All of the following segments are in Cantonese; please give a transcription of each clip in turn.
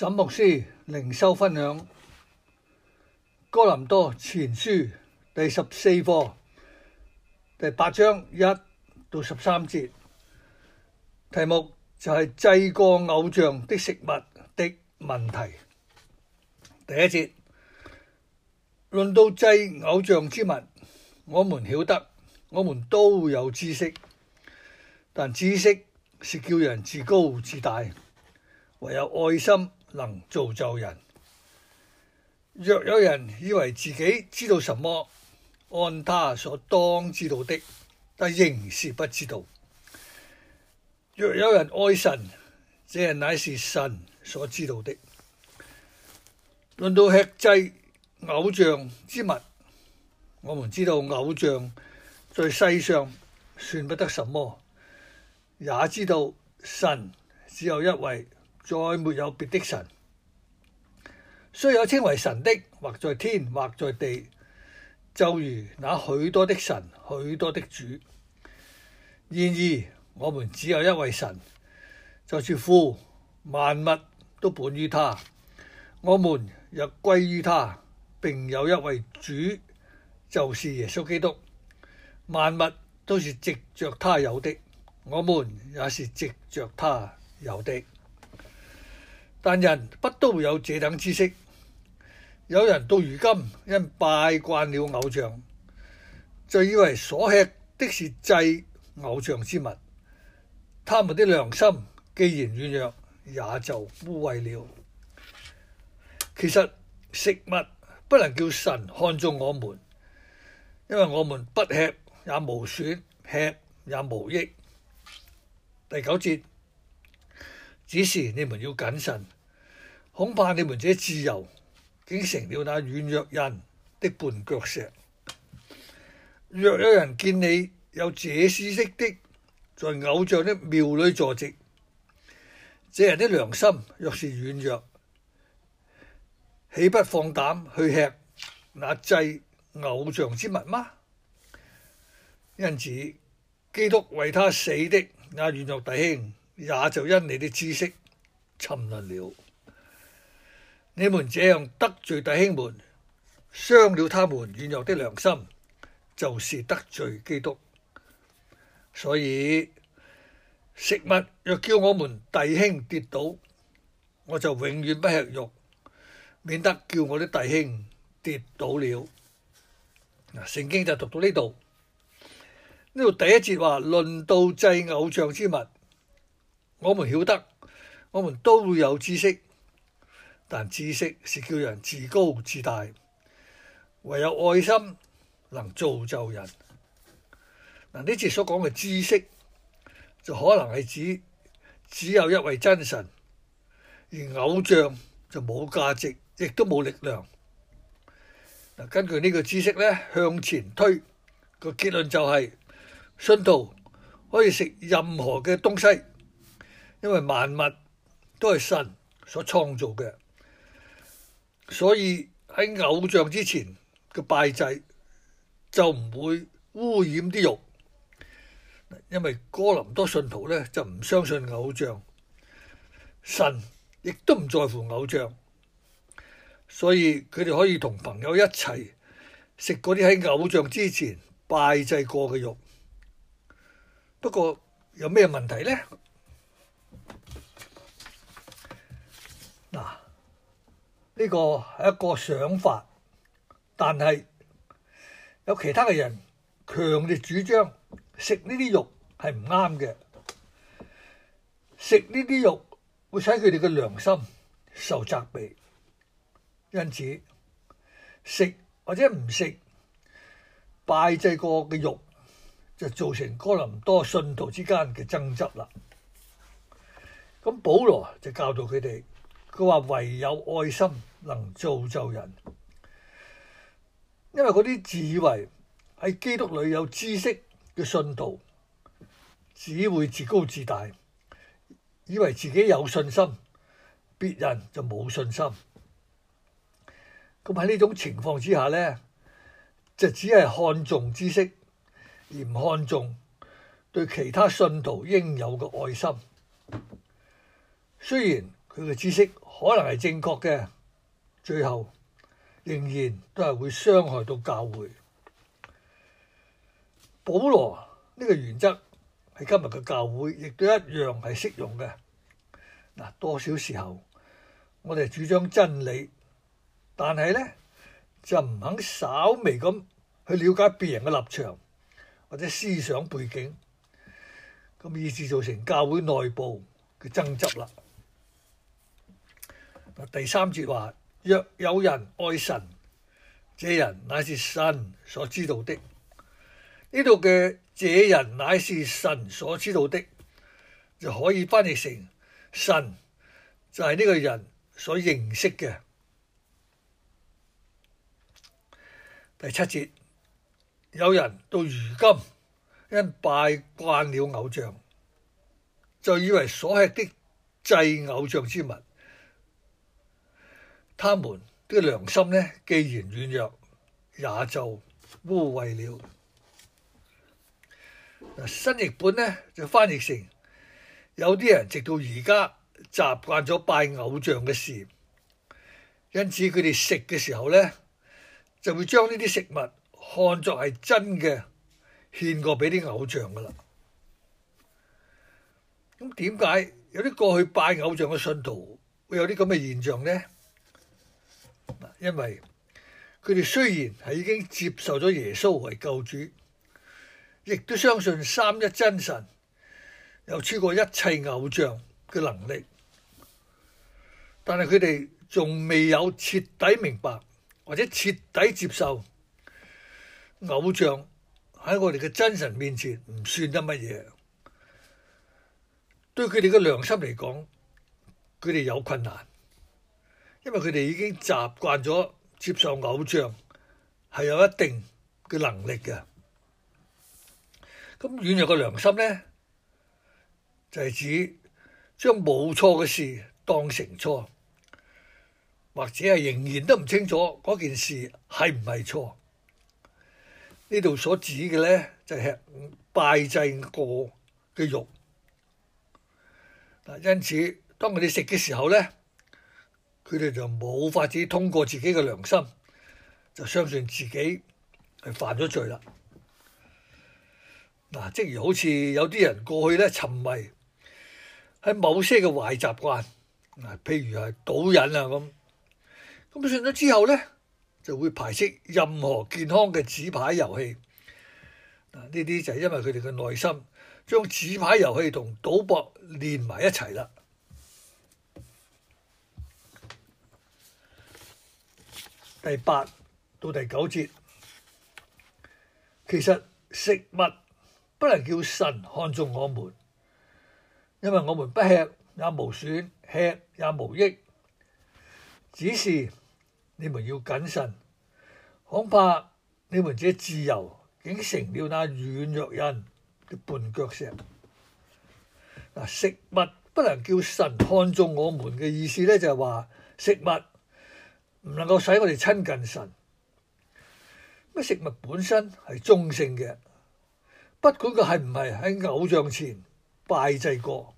沈牧師靈修分享《哥林多前書》第十四課第八章一到十三節，題目就係、是、祭過偶像的食物的問題。第一節論到祭偶像之物，我們曉得我們都有知識，但知識是叫人自高自大，唯有愛心，能造就人。若有人以為自己知道什麼，按他所當知道的，但仍是不知道。若有人愛神，這人乃是神所知道的。論到吃祭偶像之物，我們知道偶像在世上算不得什麼，也知道神只有一位。再沒有別的神，雖有稱為神的，或在天，或在地，就如那許多的神、許多的主，然而我們只有一位神，就是父，萬物都本於他，我們若歸於他。並有一位主，就是耶穌基督，萬物都是藉着他有的，我們也是藉着他有的。但人不都有這等知識？有人到如今因拜慣了偶像，就以為所吃的是祭偶像之物。他們的良心既然軟弱，也就污穢了。其實食物不能叫神看中我們，因為我們不吃也無損，吃也無益。第九節。只是你們要謹慎，恐怕你們這自由竟成了那軟弱人的絆腳石。若有人見你有這知識的，在偶像的廟裏坐席，這人的良心若是軟弱，豈不放膽去吃那祭偶像之物嗎？因此，基督為他死的那軟弱弟兄。也就因你的知識沉淪了。你們這樣得罪弟兄們，傷了他們軟弱的良心，就是得罪基督。所以食物若叫我們弟兄跌倒，我就永遠不吃肉，免得叫我的弟兄跌倒了。嗱，聖經就讀到呢度，呢度第一節話：論到祭偶像之物。我們曉得，我們都會有知識，但知識是叫人自高自大，唯有愛心能造就人。嗱，呢次所講嘅知識就可能係指只有一位真神，而偶像就冇價值，亦都冇力量。嗱，根據呢個知識咧，向前推，個結論就係信徒可以食任何嘅東西。因為萬物都係神所創造嘅，所以喺偶像之前嘅拜祭就唔會污染啲肉。因為哥林多信徒咧就唔相信偶像，神亦都唔在乎偶像，所以佢哋可以同朋友一齊食嗰啲喺偶像之前拜祭過嘅肉。不過有咩問題呢？呢個係一個想法，但係有其他嘅人強烈主張食呢啲肉係唔啱嘅，食呢啲肉會使佢哋嘅良心受責備，因此食或者唔食拜祭過嘅肉就造成哥林多信徒之間嘅爭執啦。咁保羅就教導佢哋，佢話唯有愛心能造就人，因為嗰啲自以為喺基督裏有知識嘅信徒，只會自高自大，以為自己有信心，別人就冇信心。咁喺呢種情況之下咧，就只係看重知識，而唔看重對其他信徒應有嘅愛心。雖然佢嘅知識可能係正確嘅。最後仍然都係會傷害到教會。保羅呢個原則喺今日嘅教會亦都一樣係適用嘅。嗱，多少時候我哋主張真理，但係咧就唔肯稍微咁去了解別人嘅立場或者思想背景，咁以至造成教會內部嘅爭執啦。嗱，第三節話。若有人愛神，這人乃是神所知道的。呢度嘅這人乃是神所知道的，就可以翻譯成神就係呢個人所認識嘅。第七節，有人到如今因拜慣了偶像，就以為所吃的祭偶像之物。他們啲良心咧，既然軟弱，也就污穢了。新譯本咧就翻譯成有啲人直到而家習慣咗拜偶像嘅事，因此佢哋食嘅時候呢，就會將呢啲食物看作係真嘅，獻過俾啲偶像噶啦。咁點解有啲過去拜偶像嘅信徒會有啲咁嘅現象呢？因為佢哋雖然係已經接受咗耶穌為救主，亦都相信三一真神有超過一切偶像嘅能力，但係佢哋仲未有徹底明白或者徹底接受偶像喺我哋嘅真神面前唔算得乜嘢，對佢哋嘅良心嚟講，佢哋有困難。因為佢哋已經習慣咗接受偶像，係有一定嘅能力嘅。咁軟弱嘅良心咧，就係指將冇錯嘅事當成錯，或者係仍然都唔清楚嗰件事係唔係錯。呢度所指嘅咧，就係拜祭過嘅肉。嗱，因此當佢哋食嘅時候咧。佢哋就冇法子通過自己嘅良心，就相信自己係犯咗罪啦。嗱、啊，即如好似有啲人過去咧，沉迷喺某些嘅壞習慣，嗱、啊，譬如係賭癮啊咁，咁信咗之後咧，就會排斥任何健康嘅紙牌遊戲。嗱、啊，呢啲就係因為佢哋嘅內心將紙牌遊戲同賭博連埋一齊啦。第八到第九節，其實食物不能叫神看中我們，因為我們不吃也無損，吃也無益。只是你們要謹慎，恐怕你們這自，自由竟成了那軟弱人嘅絆腳石。嗱，食物不能叫神看中我們嘅意思咧，就係話食物。唔能夠使我哋親近神。咩食物本身係中性嘅，不管佢係唔係喺偶像前拜祭過，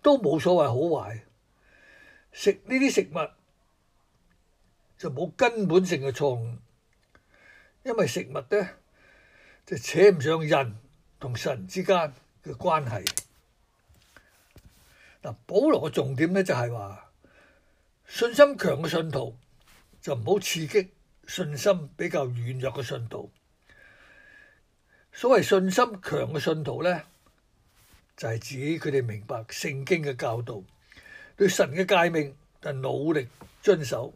都冇所謂好壞。食呢啲食物就冇根本性嘅錯誤，因為食物咧就扯唔上人同神之間嘅關係。嗱，保羅嘅重點咧就係話。信心強嘅信徒就唔好刺激信心比較軟弱嘅信徒。所謂信心強嘅信徒咧，就係指佢哋明白聖經嘅教導，對神嘅誡命就努力遵守，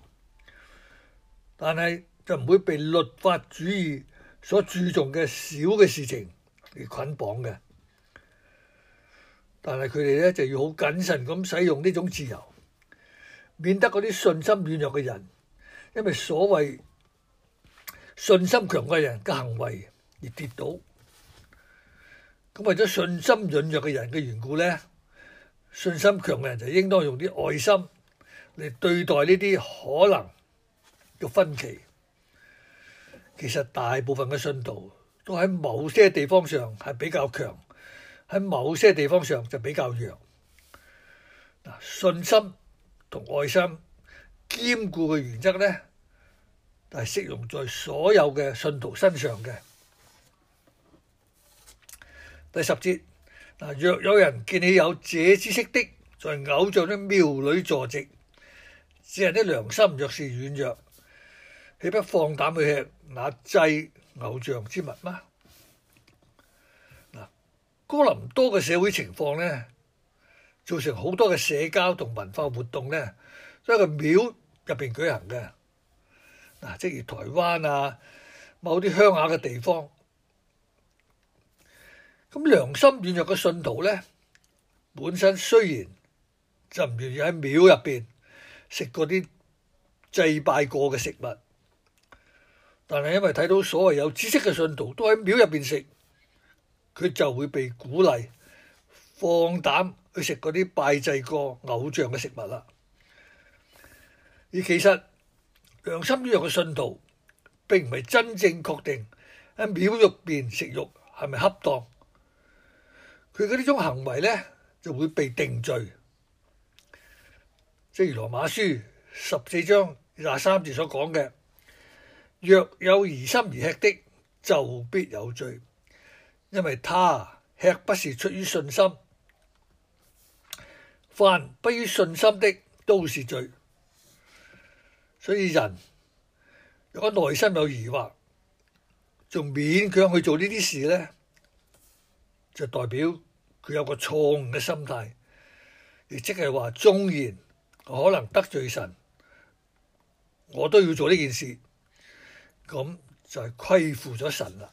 但係就唔會被律法主義所注重嘅小嘅事情嚟捆綁嘅。但係佢哋咧就要好謹慎咁使用呢種自由。免得嗰啲信心軟弱嘅人，因為所謂信心強嘅人嘅行為而跌倒。咁為咗信心軟弱嘅人嘅緣故咧，信心強嘅人就應當用啲愛心嚟對待呢啲可能嘅分歧。其實大部分嘅信徒都喺某些地方上係比較強，喺某些地方上就比較弱。嗱，信心。愛心兼顧嘅原則呢，但係適用在所有嘅信徒身上嘅。第十節嗱，若有人見你有這知識的，在偶像的廟裏坐席，只係啲良心若是軟弱，豈不放膽去吃那祭偶像之物嗎？嗱，哥林多嘅社會情況呢。造成好多嘅社交同文化活動咧，都喺個廟入邊舉行嘅。嗱，即係台灣啊，某啲鄉下嘅地方。咁良心軟弱嘅信徒咧，本身雖然就唔願意喺廟入邊食嗰啲祭拜過嘅食物，但係因為睇到所謂有知識嘅信徒都喺廟入邊食，佢就會被鼓勵放膽。去食嗰啲拜祭過偶像嘅食物啦，而其實良心軟弱嘅信徒並唔係真正確定喺廟入邊食肉係咪恰當，佢嘅呢種行為咧就會被定罪，即如羅馬書十四章廿三節所講嘅，若有疑心而吃的就必有罪，因為他吃不是出於信心。凡不於信心的都是罪，所以人如果內心有疑惑，仲勉強去做呢啲事咧，就代表佢有個錯誤嘅心態，亦即係話，縱然可能得罪神，我都要做呢件事，咁就係虧負咗神啦。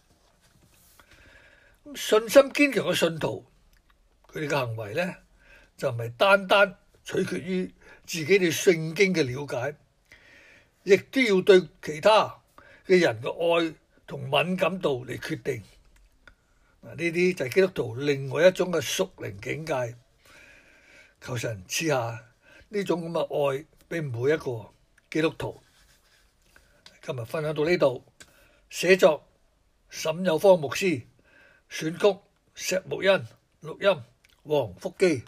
信心堅強嘅信徒，佢哋嘅行為咧？就唔係單單取決於自己對聖經嘅了解，亦都要對其他嘅人嘅愛同敏感度嚟決定。嗱，呢啲就係基督徒另外一種嘅屬靈境界。求神賜下呢種咁嘅愛俾每一個基督徒。今日分享到呢度，寫作沈有方牧師，選曲石木恩，錄音黃福基。